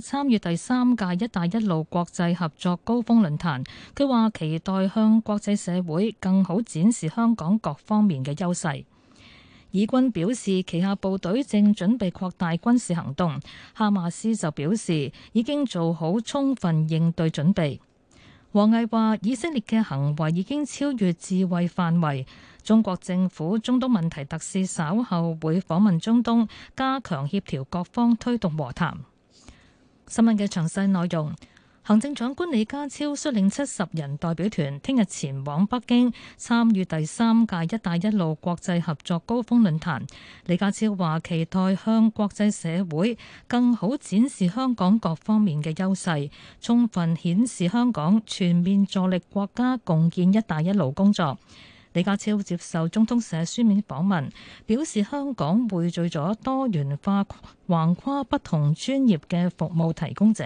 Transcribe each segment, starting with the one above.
參與第三屆“一帶一路”國際合作高峰論壇，佢話期待向國際社會更好展示香港各方面嘅優勢。以軍表示旗下部隊正準備擴大軍事行動，哈馬斯就表示已經做好充分應對準備。王毅話，以色列嘅行為已經超越自衛範圍。中國政府中東問題特使稍後會訪問中東，加強協調各方，推動和談。新聞嘅詳細內容，行政長官李家超率領七十人代表團，聽日前往北京參與第三屆「一帶一路」國際合作高峰論壇。李家超話：期待向國際社會更好展示香港各方面嘅優勢，充分顯示香港全面助力國家共建「一帶一路」工作。李家超接受中通社書面訪問，表示香港匯聚咗多元化、橫跨不同專業嘅服務提供者，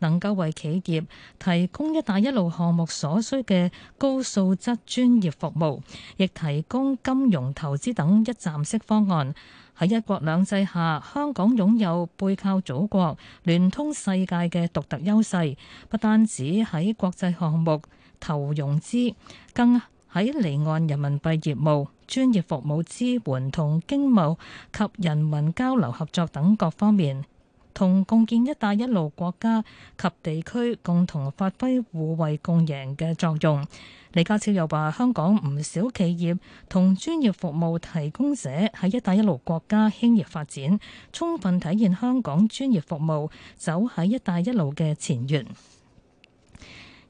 能夠為企業提供“一帶一路”項目所需嘅高素質專業服務，亦提供金融投資等一站式方案。喺一國兩制下，香港擁有背靠祖國、聯通世界嘅獨特優勢，不單止喺國際項目投融資，更喺離岸人民幣業務、專業服務支援同經貿及人民交流合作等各方面，同共建「一帶一路」國家及地區共同發揮互惠共贏嘅作用。李家超又話：香港唔少企業同專業服務提供者喺「一帶一路」國家興業發展，充分體現香港專業服務走喺「一帶一路」嘅前沿。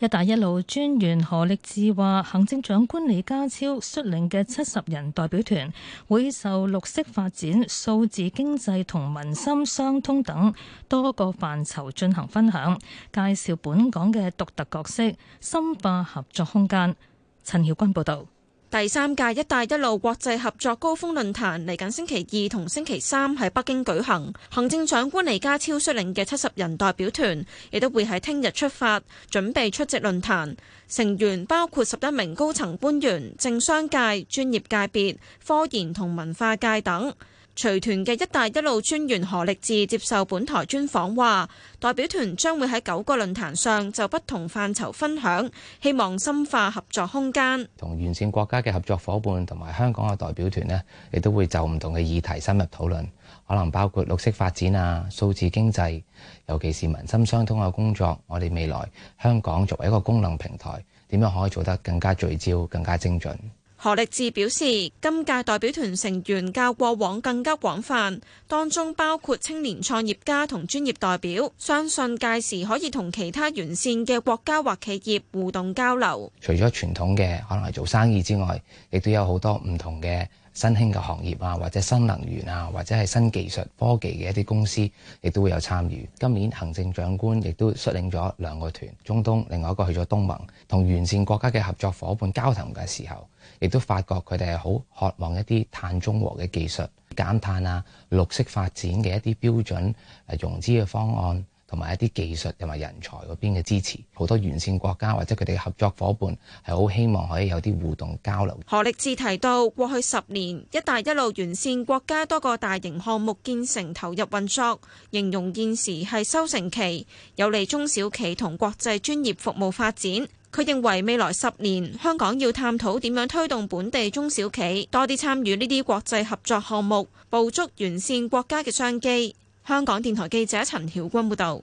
一帶一路專員何力智話，行政長官李家超率領嘅七十人代表團，會就綠色發展、數字經濟同民心相通等多個範疇進行分享，介紹本港嘅獨特角色，深化合作空間。陳曉君報導。第三屆「一帶一路」國際合作高峰論壇嚟緊星期二同星期三喺北京舉行，行政長官李家超率領嘅七十人代表團，亦都會喺聽日出發，準備出席論壇。成員包括十一名高層官員、政商界、專業界別、科研同文化界等。隨團嘅一帶一路專員何力智接受本台專訪話，代表團將會喺九個論壇上就不同範疇分享，希望深化合作空間，同完善國家嘅合作伙伴，同埋香港嘅代表團呢，亦都會就唔同嘅議題深入討論，可能包括綠色發展啊、數字經濟，尤其是民心相通嘅工作。我哋未來香港作為一個功能平台，點樣可以做得更加聚焦、更加精準？何力智表示，今屆代表團成員較過往更加廣泛，當中包括青年創業家同專業代表，相信屆時可以同其他沿線嘅國家或企業互動交流。除咗傳統嘅可能係做生意之外，亦都有好多唔同嘅。新興嘅行業啊，或者新能源啊，或者係新技術科技嘅一啲公司，亦都會有參與。今年行政長官亦都率領咗兩個團，中東，另外一個去咗東盟，同完善國家嘅合作伙伴交談嘅時候，亦都發覺佢哋係好渴望一啲碳中和嘅技術、減碳啊、綠色發展嘅一啲標準誒、啊、融資嘅方案。同埋一啲技術同埋人才嗰邊嘅支持，好多完善國家或者佢哋嘅合作伙伴係好希望可以有啲互動交流。何力志提到，過去十年，一帶一路完善國家多個大型項目建成投入運作，形容現時係收成期，有利中小企同國際專業服務發展。佢認為未來十年，香港要探討點樣推動本地中小企多啲參與呢啲國際合作項目，捕捉完善國家嘅商機。香港電台記者陳曉君報道，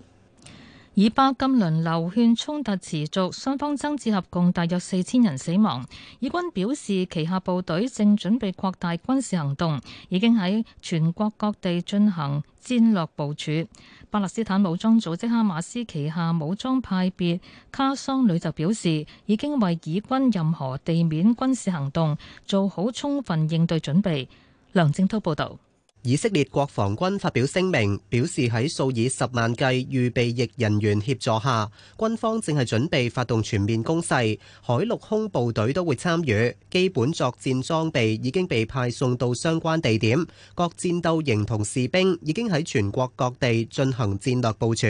以巴今輪流血衝突持續，雙方增至合共大約四千人死亡。以軍表示，旗下部隊正準備擴大軍事行動，已經喺全國各地進行戰略部署。巴勒斯坦武裝組織哈馬斯旗下武裝派別卡桑旅就表示，已經為以軍任何地面軍事行動做好充分應對準備。梁正濤報道。以色列國防軍發表聲明，表示喺數以十萬計預備役人員協助下，軍方正係準備發動全面攻勢，海陸空部隊都會參與，基本作戰裝備已經被派送到相關地點，各戰鬥營同士兵已經喺全國各地進行戰略部署。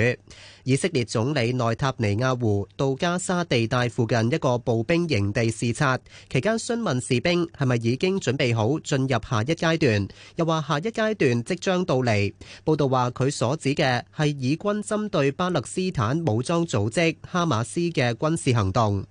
以色列總理內塔尼亞胡到加沙地帶附近一個步兵營地視察，期間詢問士兵係咪已經準備好進入下一階段，又話下一階段階段即將到嚟。報道話，佢所指嘅係以軍針對巴勒斯坦武裝組織哈馬斯嘅軍事行動。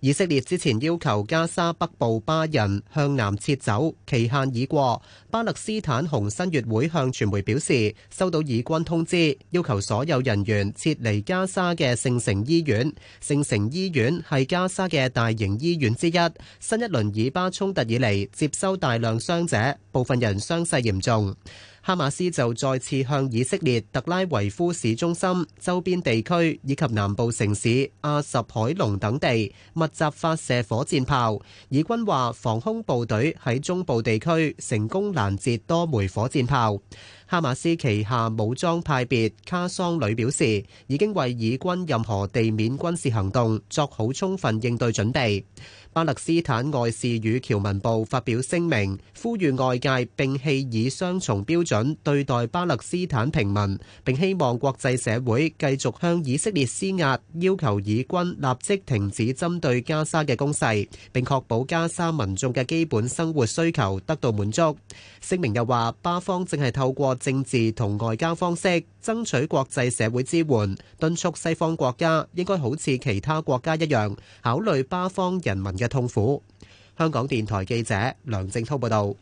以色列之前要求加沙北部巴人向南撤走，期限已過。巴勒斯坦紅新月會向傳媒表示，收到以軍通知，要求所有人員撤離加沙嘅聖城醫院。聖城醫院係加沙嘅大型醫院之一。新一輪以巴衝突以嚟，接收大量傷者，部分人傷勢嚴重。哈馬斯就再次向以色列特拉維夫市中心、周邊地區以及南部城市阿什海隆等地密集發射火箭炮，以軍話防空部隊喺中部地區成功攔截多枚火箭炮。哈馬斯旗下武裝派別卡桑旅表示，已經為以軍任何地面軍事行動作好充分應對準備。巴勒斯坦外事與僑民部發表聲明，呼籲外界摒棄以雙重標準對待巴勒斯坦平民，並希望國際社會繼續向以色列施壓，要求以軍立即停止針對加沙嘅攻勢，並確保加沙民眾嘅基本生活需求得到滿足。聲明又話，巴方正係透過政治同外交方式爭取國際社會支援，敦促西方國家應該好似其他國家一樣，考慮巴方人民嘅痛苦。香港電台記者梁正濤報道。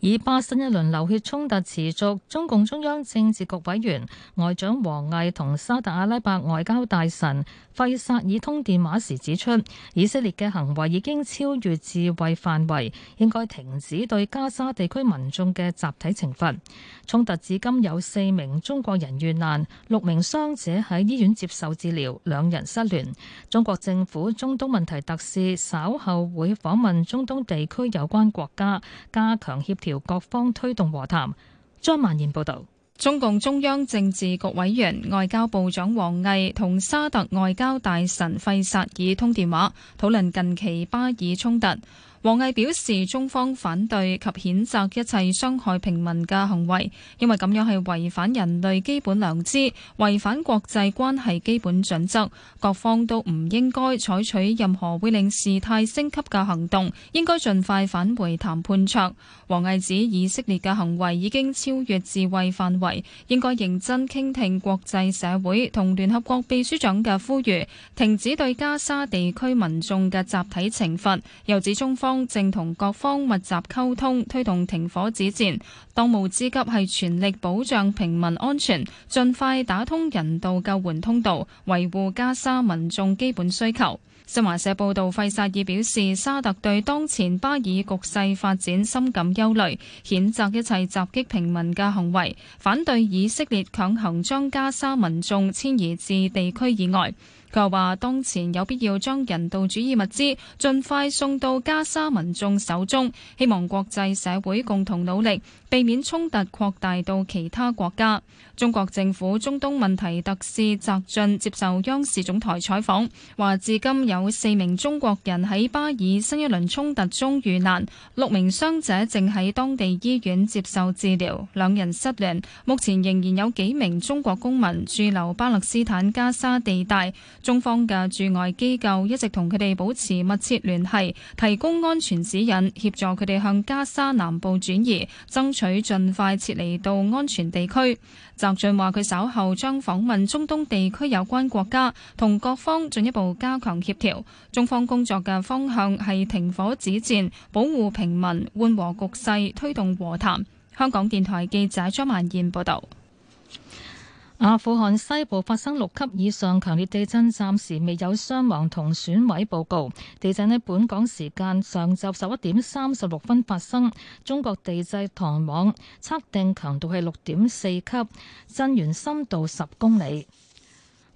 以巴新一輪流血衝突持續，中共中央政治局委員外長王毅同沙特阿拉伯外交大臣費薩爾通電話時指出，以色列嘅行為已經超越自衛範圍，應該停止對加沙地區民眾嘅集體懲罰。衝突至今有四名中國人遇難，六名傷者喺醫院接受治療，兩人失聯。中國政府中東問題特使稍後會訪問中東地區有關國家，加強協調。各方推動和談。張曼然報道，中共中央政治局委員、外交部長王毅同沙特外交大臣費薩爾通電話，討論近期巴以衝突。王毅表示，中方反對及譴責一切傷害平民嘅行為，因為咁樣係違反人類基本良知、違反國際關係基本準則，各方都唔應該採取任何會令事態升級嘅行動，應該盡快返回談判桌。王毅指，以色列嘅行為已經超越自衛範圍，應該認真傾聽國際社會同聯合國秘書長嘅呼籲，停止對加沙地區民眾嘅集體懲罰，又指中方。方正同各方密集溝通，推動停火止戰。當務之急係全力保障平民安全，盡快打通人道救援通道，維護加沙民眾基本需求。新華社報道，費薩爾表示，沙特對當前巴以局勢發展深感憂慮，譴責一切襲擊平民嘅行為，反對以色列強行將加沙民眾遷移至地區以外。佢話：當前有必要將人道主義物資盡快送到加沙民眾手中，希望國際社會共同努力，避免衝突擴大到其他國家。中國政府中東問題特使翟雋接受央視總台採訪，話：至今有四名中國人喺巴以新一輪衝突中遇難，六名傷者正喺當地醫院接受治療，兩人失聯。目前仍然有幾名中國公民駐留巴勒斯坦加沙地帶。中方嘅駐外機構一直同佢哋保持密切聯繫，提供安全指引，協助佢哋向加沙南部轉移，爭取盡快撤離到安全地區。翟雋話，佢稍後將訪問中東地區有關國家，同各方進一步加強協調，中方工作嘅方向係停火止戰，保護平民、緩和局勢，推動和談。香港電台記者張曼燕報道。阿富汗西部發生六級以上強烈地震，暫時未有傷亡同損毀報告。地震喺本港時間上晝十一點三十六分發生，中國地震台網測定強度係六點四級，震源深度十公里。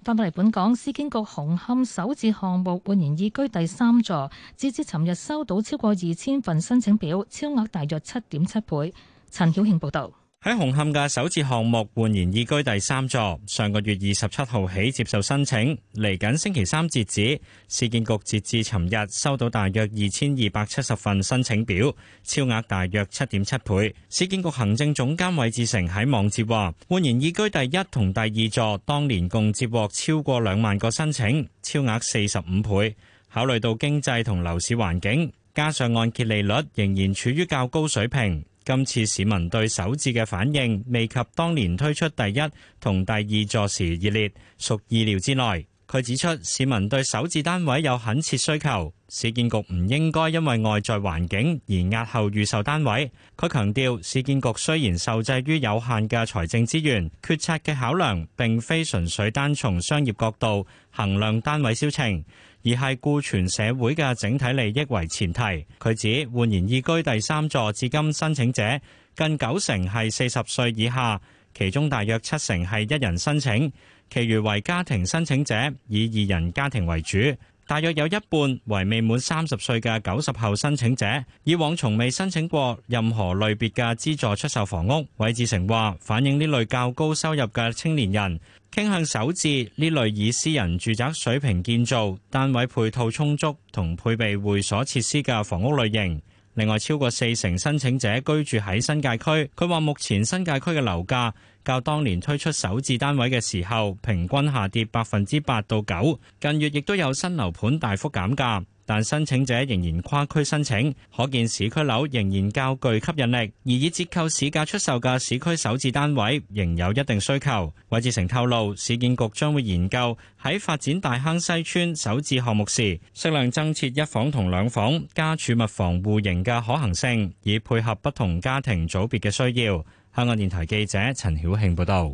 翻返嚟本港，市建局紅磡首置項目煥然懿居第三座，截至尋日收到超過二千份申請表，超額大約七點七倍。陳曉慶報道。喺紅磡嘅首次項目煥然懿居第三座，上個月二十七號起接受申請，嚟緊星期三截止。市建局截至尋日收到大約二千二百七十份申請表，超額大約七點七倍。市建局行政總監韋志成喺網誌話：煥然懿居第一同第二座當年共接獲超過兩萬個申請，超額四十五倍。考慮到經濟同樓市環境，加上按揭利率仍然處於較高水平。今次市民對首置嘅反應未及當年推出第一同第二座時熱烈，屬意料之內。佢指出，市民對首置單位有懇切需求，市建局唔應該因為外在環境而押後預售單位。佢強調，市建局雖然受制於有限嘅財政資源，決策嘅考量並非純粹單從商業角度衡量單位銷情，而係顧全社會嘅整體利益為前提。佢指，煥然壹居第三座至今申請者近九成係四十歲以下，其中大約七成係一人申請。其餘為家庭申請者，以二人家庭為主，大約有一半為未滿三十歲嘅九十後申請者，以往從未申請過任何類別嘅資助出售房屋。韋志成話：反映呢類較高收入嘅青年人，傾向首置呢類以私人住宅水平建造、單位配套充足同配備會所設施嘅房屋類型。另外，超過四成申請者居住喺新界區。佢話，目前新界區嘅樓價較當年推出首置單位嘅時候平均下跌百分之八到九，近月亦都有新樓盤大幅減價。但申請者仍然跨區申請，可見市區樓仍然較具吸引力。而以折扣市價出售嘅市區首置單位，仍有一定需求。韋志成透露，市建局將會研究喺發展大坑西村首置項目時，適量增設一房同兩房加儲物房戶型嘅可行性，以配合不同家庭組別嘅需要。香港電台記者陳曉慶報道。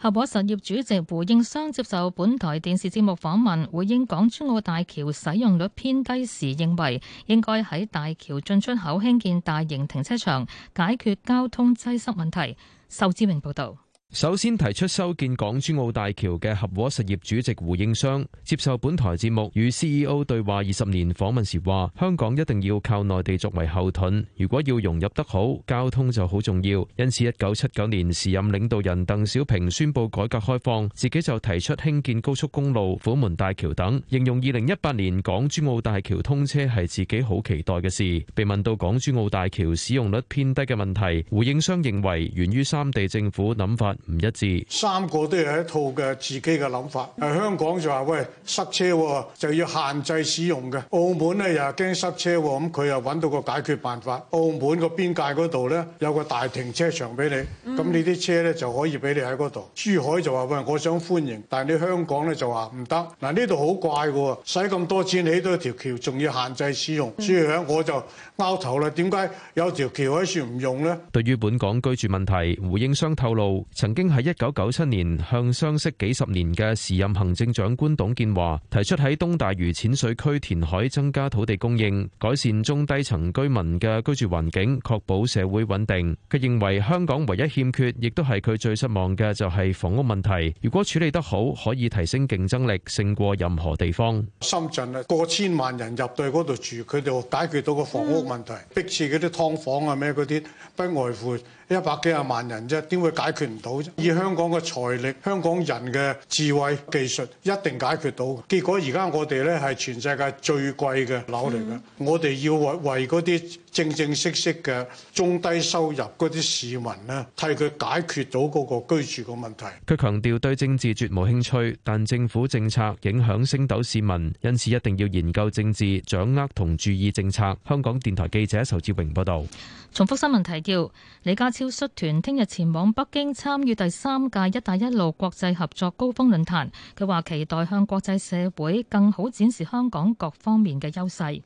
合和實業主席胡應湘接受本台電視節目訪問，回應港珠澳大橋使用率偏低時，認為應該喺大橋進出口興建大型停車場，解決交通擠塞問題。仇志明報導。首先提出修建港珠澳大橋嘅合和實業主席胡應湘接受本台節目與 CEO 對話二十年訪問時話：香港一定要靠內地作為後盾，如果要融入得好，交通就好重要。因此，一九七九年時任領導人鄧小平宣布改革開放，自己就提出興建高速公路、虎門大橋等。形容二零一八年港珠澳大橋通車係自己好期待嘅事。被問到港珠澳大橋使用率偏低嘅問題，胡應湘認為源於三地政府諗法唔一致，三個都有一套嘅自己嘅諗法。誒，香港就話喂，塞車，就要限制使用嘅。澳門咧又驚塞車，咁佢又揾到個解決辦法。澳門個邊界嗰度咧有個大停車場俾你，咁你啲車咧就可以俾你喺嗰度。珠海就話喂，我想歡迎，但係你香港咧就話唔得。嗱，呢度好怪嘅喎，使咁多錢起到條橋，仲要限制使用。所以咧我就拗頭啦，點解有條橋一算唔用咧？對於本港居住問題，胡應湘透露。曾經喺一九九七年向相識幾十年嘅時任行政長官董建華提出喺東大嶼淺水區填海增加土地供應，改善中低層居民嘅居住環境，確保社會穩定。佢認為香港唯一欠缺，亦都係佢最失望嘅，就係房屋問題。如果處理得好，可以提升競爭力，勝過任何地方。深圳啊，過千萬人入到去嗰度住，佢就解決到個房屋問題，逼住嗰啲劏房啊咩嗰啲，不外乎一百幾廿萬人啫，點會解決唔到？以香港嘅財力、香港人嘅智慧技、技術一定解決到嘅。結果而家我哋咧係全世界最貴嘅樓嚟嘅，嗯、我哋要為為嗰啲。正正式式嘅中低收入嗰啲市民呢，替佢解決到嗰個居住嘅問題。佢強調對政治絕無興趣，但政府政策影響星斗市民，因此一定要研究政治，掌握同注意政策。香港電台記者仇志榮報道。重複新聞提要：李家超率團聽日前往北京參與第三屆「一帶一路」國際合作高峰論壇，佢話期待向國際社會更好展示香港各方面嘅優勢。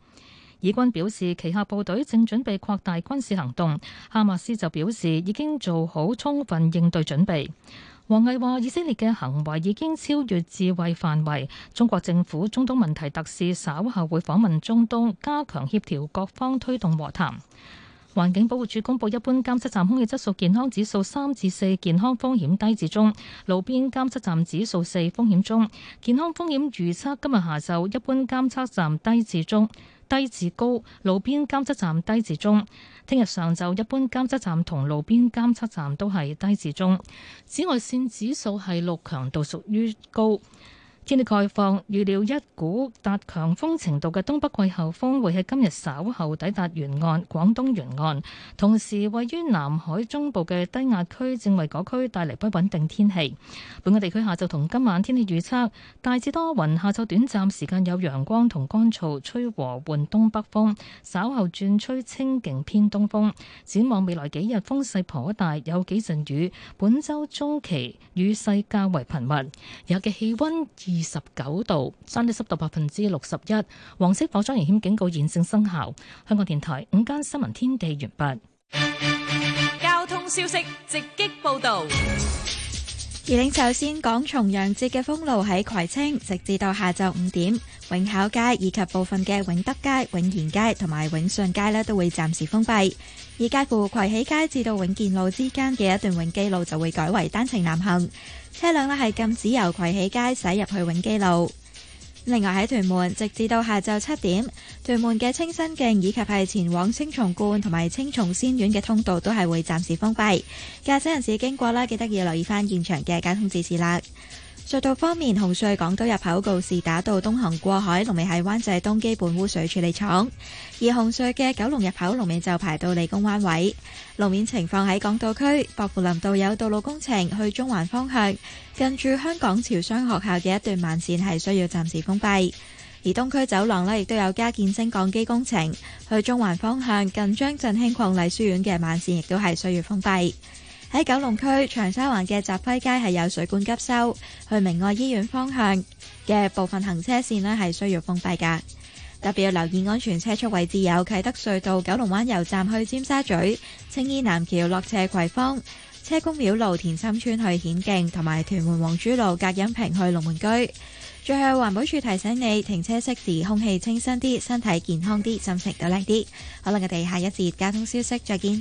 以軍表示，旗下部隊正準備擴大軍事行動。哈馬斯就表示，已經做好充分應對準備。王毅話，以色列嘅行為已經超越自衛範圍。中國政府中東問題特使稍後會訪問中東，加強協調各方，推動和談。環境保護署公布，一般監測站空氣質素健康指數三至四，健康風險低至中；路邊監測站指數四，風險中，健康風險預測今日下晝一般監測站低至中。低至高，路邊監測站低至中。聽日上晝一般監測站同路邊監測站都係低至中。紫外線指數係六，強度屬於高。天氣概況預料一股達強風程度嘅東北季候風會喺今日稍後抵達沿岸廣東沿岸，同時位於南海中部嘅低壓區正為嗰區帶嚟不穩定天氣。本港地區下晝同今晚天氣預測大致多雲，下晝短暫時間有陽光同乾燥，吹和緩東北風，稍後轉吹清勁偏東風。展望未來幾日風勢頗大，有幾陣雨。本週中期雨勢較為頻密，日夜氣温。二十九度，相對濕度百分之六十一。黃色火災危險警告現正生效。香港電台午間新聞天地完畢。交通消息直擊報道。而領袖先講重陽節嘅封路喺葵青，直至到下晝五點，永孝街以及部分嘅永德街、永賢街同埋永順街咧，都會暫時封閉。而介乎葵喜街至到永健路之間嘅一段永基路就會改為單程南行，車輛咧，係禁止由葵喜街駛入去永基路。另外喺屯門，直至到下晝七點，屯門嘅清新徑以及係前往青松觀同埋青松仙苑嘅通道都係會暫時封閉，駕駛人士經過啦，記得要留意翻現場嘅交通指示啦。隧道方面，紅隧港島入口告士打道東行過海，龍尾喺灣仔東基本污水處理廠；而紅隧嘅九龍入口龍尾就排到理工灣位。路面情況喺港島區，薄扶林道有道路工程去中環方向，近住香港潮商學校嘅一段慢線係需要暫時封閉；而東區走廊呢亦都有加建升降機工程去中環方向，近張振興伉儷書院嘅慢線亦都係需要封閉。喺九龍區長沙灣嘅集輝街係有水管急修，去明愛醫院方向嘅部分行車線咧係需要封閉噶。特別要留意安全車速位置有啟德隧道九龍灣油站去尖沙咀、青衣南橋落斜葵芳、車公廟路田心村去顯徑，同埋屯門黃珠路隔音屏去龍門居。最後，環保署提醒你停車熄匙，空氣清新啲，身體健康啲，心情都靚啲。好啦，我哋下一節交通消息再見。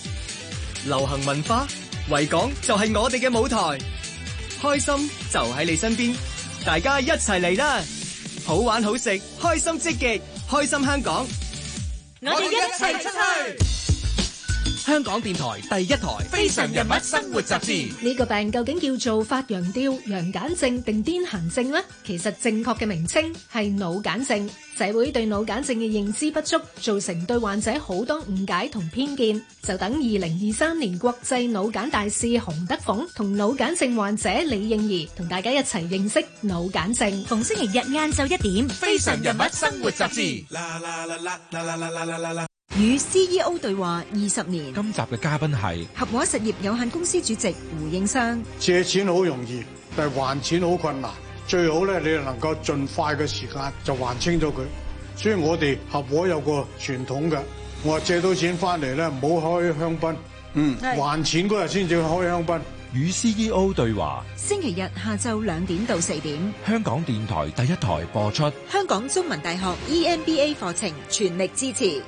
流行文化，維港就係我哋嘅舞台，開心就喺你身邊，大家一齊嚟啦！好玩好食，開心積極，開心香港，我哋一齊出去。香港電台第一台《非常人物生活雜誌》呢個病究竟叫做發羊吊、羊癇症定癲癇症呢？其實正確嘅名稱係腦癇症。社會對腦癇症嘅認知不足，造成對患者好多誤解同偏見。就等二零二三年國際腦癇大使洪德鳳同腦癇症患者李應兒同大家一齊認識腦癇症。逢星期日晏晝一點，《非常人物生活雜誌》。與 C E O 對話二十年。今集嘅嘉賓係合和實業有限公司主席胡應湘。借錢好容易，但係還錢好困難。最好咧，你能夠盡快嘅時間就還清咗佢。所以我哋合和有個傳統嘅，我話借到錢翻嚟咧，唔好開香檳。嗯，是還錢嗰日先至開香檳。與 C E O 對話，星期日下晝兩點到四點，香港電台第一台播出。香港中文大學 E M B A 課程全力支持。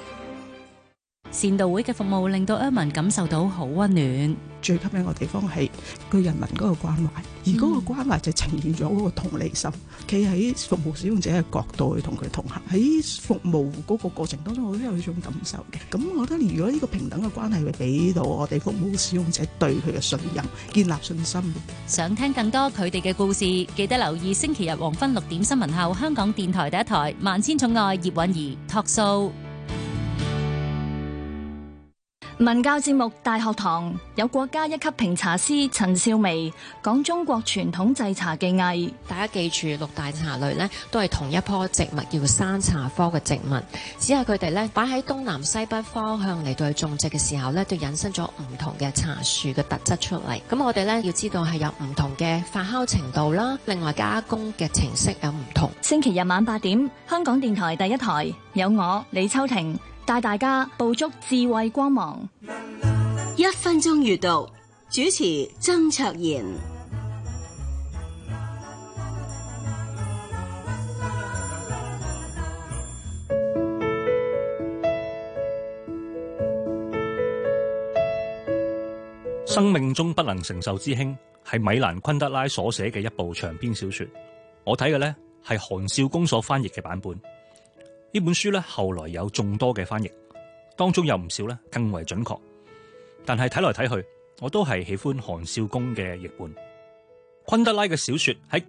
善道會嘅服務令到 Aaron 感受到好溫暖。最吸引嘅地方係個人民嗰個關懷，而嗰個關懷就呈現咗嗰個同理心。企喺服務使用者嘅角度去同佢同行，喺服務嗰個過程當中，我都有一種感受嘅。咁，我覺得如果呢個平等嘅關係，會俾到我哋服務使用者對佢嘅信任、建立信心。想聽更多佢哋嘅故事，記得留意星期日黃昏六點新聞後，香港電台第一台《萬千寵愛葉蘊儀》托數。文教節目《大學堂》有國家一級評茶師陳少薇講中國傳統製茶技藝。大家記住六大茶類咧，都係同一棵植物，叫山茶科嘅植物。只係佢哋咧擺喺東南西北方向嚟到去種植嘅時候咧，都引申咗唔同嘅茶樹嘅特質出嚟。咁我哋咧要知道係有唔同嘅發酵程度啦，另外加工嘅程式有唔同。星期日晚八點，香港電台第一台有我李秋婷。帶大家捕捉智慧光芒。一分鐘閱讀，主持曾卓賢。生命中不能承受之輕，係米蘭昆德拉所寫嘅一部長篇小說。我睇嘅呢係韓少功所翻譯嘅版本。呢本書咧後來有眾多嘅翻譯，當中有唔少咧更為準確，但係睇來睇去，我都係喜歡韓少功嘅譯本。昆德拉嘅小説喺。